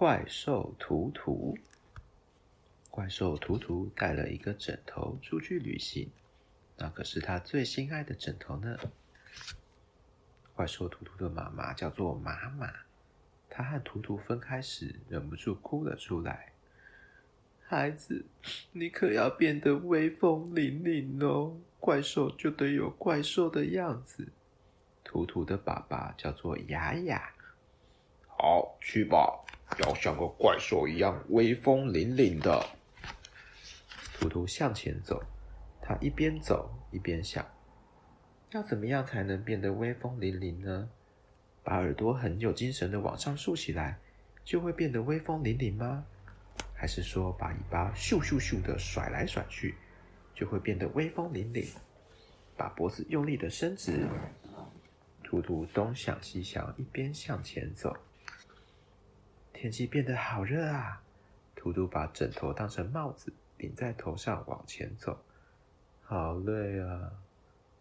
怪獸突突，怪獸突突帶了一個枕頭出去旅行，那可是他最心愛的枕頭呢。怪獸突突的媽媽叫做媽媽，他和突突分開時忍不住哭了出來。孩子，你可要變得威風凜凜哦！怪獸就得有怪獸的樣子。突突的爸爸叫做雅雅。好，去吧。要像個怪獸一樣威風凛凛的，突突向前走。他一邊走一邊想：要怎麼樣才能變得威風凛凛呢？把耳朵很有精神的往上豎起來，就會變得威風凛凛嗎？還是說把尾巴咻咻咻的甩來甩去，就會變得威風凛凛？把脖子用力的伸直。突突東想西想，一邊向前走。天氣變得好熱啊！突突把枕頭當成帽子頂在頭上往前走，好累啊！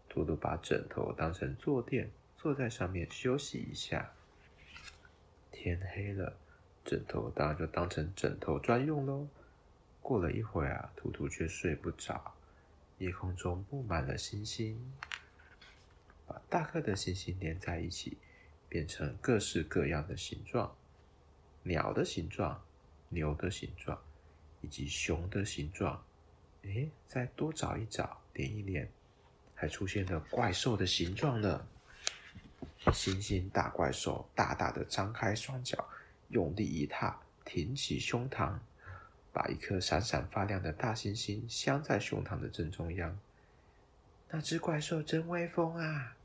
突突把枕頭當成坐墊，坐在上面休息一下。天黑了，枕頭當然就當成枕頭專用嘍。過了一會兒啊，突突卻睡不着。夜空中布滿了星星，把大顆的星星連在一起，變成各式各樣的形狀。鳥的形狀、牛的形狀以及熊的形狀，哎，再多找一找，點一點，還出現了怪獸的形狀呢。星星大怪獸大大的張開雙腳，用力一踏，挺起胸膛，把一顆閃閃發亮的大星星鑲在胸膛的正中央。那隻怪獸真威風啊！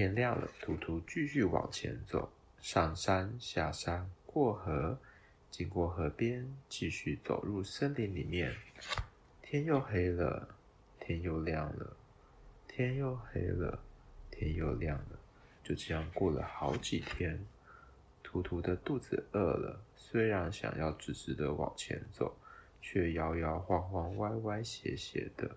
天亮了，突突繼續往前走，上山下山過河，經過河邊，繼續走入森林裡面。天又黑了，天又亮了，天又黑了，天又亮了，就這樣過了好幾天。突突的肚子餓了，雖然想要直直的往前走，卻搖搖晃晃、歪歪斜斜的。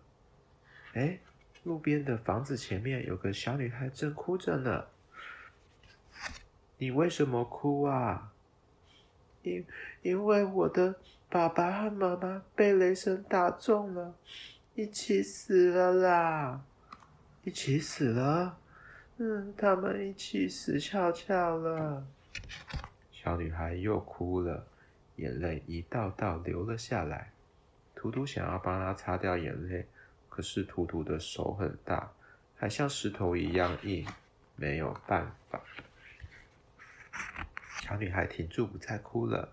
哎、欸。路邊的房子前面有個小女孩正哭着呢。你為什麼哭啊？因為因為我的爸爸和媽媽被雷神打中了，一起死了啦！一起死了？嗯，他們一起死翹翹了。小女孩又哭了，眼淚一道道流了下來。突突想要幫她擦掉眼淚。可是突突的手很大，還像石頭一樣硬，沒有辦法。小女孩停住，不再哭了。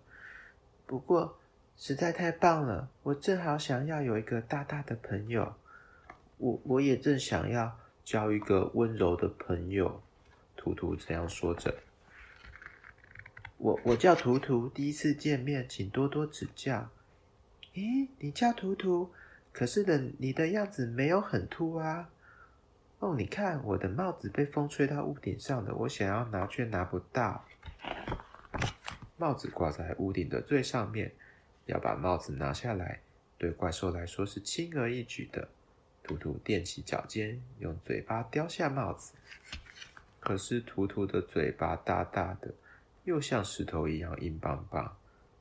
不過，實在太棒了，我正好想要有一個大大的朋友，我我也正想要交一個溫柔的朋友。突突這樣說着：“我我叫突突，第一次見面，請多多指教。”咦，你叫突突？可是的，你的樣子沒有很突啊。哦，你看我的帽子被風吹到屋頂上了，我想要拿卻拿不到。帽子掛在屋頂的最上面，要把帽子拿下來，對怪獸來說是輕而易舉的。突突踮起腳尖，用嘴巴叼下帽子。可是突突的嘴巴大大的，又像石頭一樣硬邦邦，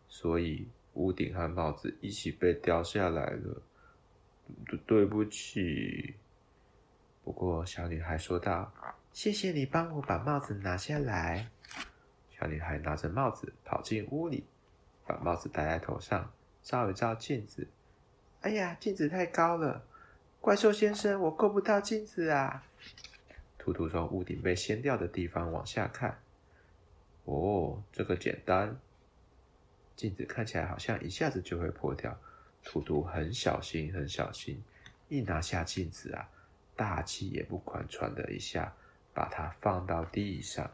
所以屋頂和帽子一起被叼下來了。對不起，不過小女孩說道：“謝謝你幫我把帽子拿下來。”小女孩拿着帽子跑進屋裡，把帽子戴在頭上，照一照鏡子。哎呀，鏡子太高了，怪獸先生，我夠不到鏡子啊！突突從屋頂被掀掉的地方往下看，哦，這個簡單，鏡子看起來好像一下子就會破掉。突突很小心，很小心，一拿下鏡子啊，大氣也不喘，喘的一下把它放到地上。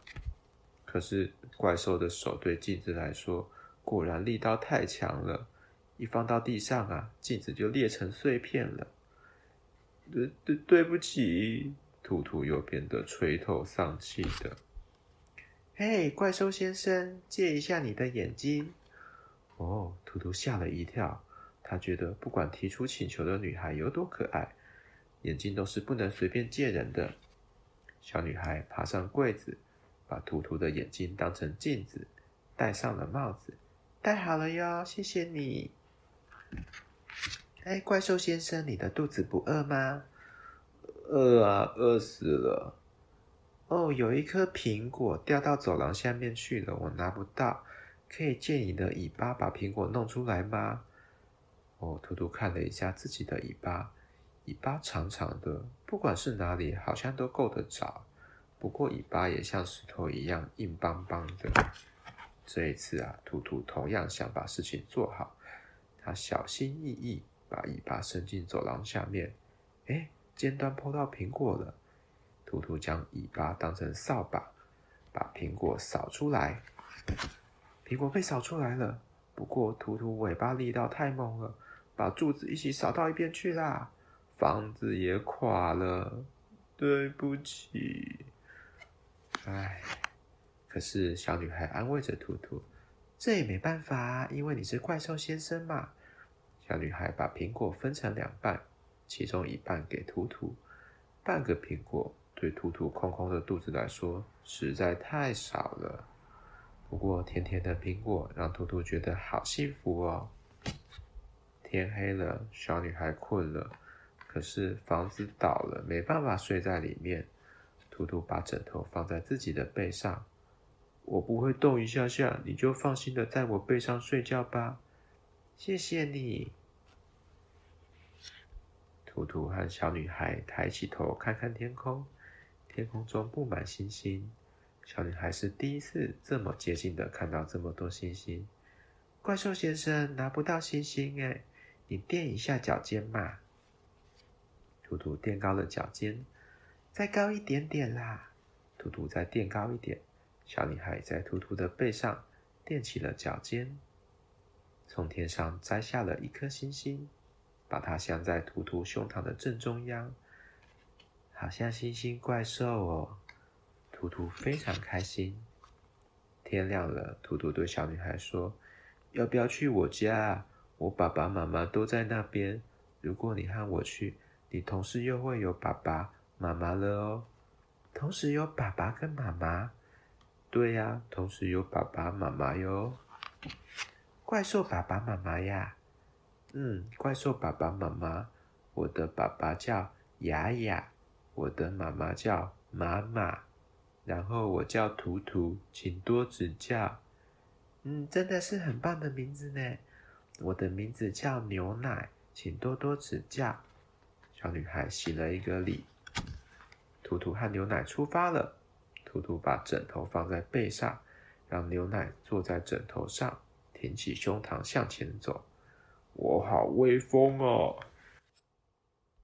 可是怪獸的手對鏡子來說，果然力道太強了，一放到地上啊，鏡子就裂成碎片了。對對，對不起，突突又變得垂頭喪氣的。嘿，怪獸先生，借一下你的眼睛。哦，突突嚇了一跳。他覺得，不管提出請求的女孩有多可愛，眼睛都是不能隨便借人的。小女孩爬上櫃子，把突突的眼睛當成鏡子，戴上了帽子。戴好了喲，謝謝你。哎，怪獸先生，你的肚子不餓嗎？餓啊，餓死了。哦，有一顆蘋果掉到走廊下面去了，我拿不到，可以借你的尾巴把蘋果弄出來嗎？哦，突突看了一下自己的尾巴，尾巴長長的，不管是哪裡，好像都夠得着。不過尾巴也像石頭一樣硬邦邦的。這一次啊，突突同樣想把事情做好，他小心翼翼把尾巴伸進走廊下面，哎，尖端碰到蘋果了。突突將尾巴當成掃把，把蘋果掃出來，蘋果被掃出來了。不過，突突尾巴力道太猛了，把柱子一起掃到一邊去啦，房子也垮了，對不起。哎，可是小女孩安慰着突突，這也沒辦法，因為你是怪獸先生嘛。小女孩把蘋果分成兩半，其中一半給突突，半個蘋果對突突空空的肚子來說實在太少了。不過甜甜的蘋果讓突突覺得好幸福哦。天黑了，小女孩困了，可是房子倒了，沒辦法睡在裡面。突突把枕頭放在自己的背上，我不會動一下下，你就放心的在我背上睡覺吧。謝謝你。突突和小女孩抬起頭看看天空，天空中布滿星星。小女孩是第一次這麼接近的看到這麼多星星。怪獸先生拿不到星星哎，你墊一下腳尖嘛。突突墊高了腳尖，再高一點點啦。突突再墊高一點，小女孩在突突的背上墊起了腳尖，從天上摘下了一顆星星，把它鑲在突突胸膛的正中央，好像星星怪獸哦。突突非常開心。天亮了，突突對小女孩說：“要不要去我家？我爸爸媽媽都在那邊。如果你和我去，你同時又會有爸爸媽媽了哦。同時有爸爸跟媽媽，對呀、啊，同時有爸爸媽媽喲。怪獸爸爸媽媽呀，嗯，怪獸爸爸媽媽，我的爸爸叫雅雅，我的媽媽叫媽媽。然後我叫突突，請多指教。嗯，真的是很棒的名字呢。我的名字叫牛奶，請多多指教。小女孩行了一個禮。突突和牛奶出發了。突突把枕頭放在背上，讓牛奶坐在枕頭上，挺起胸膛向前走。我好威風哦！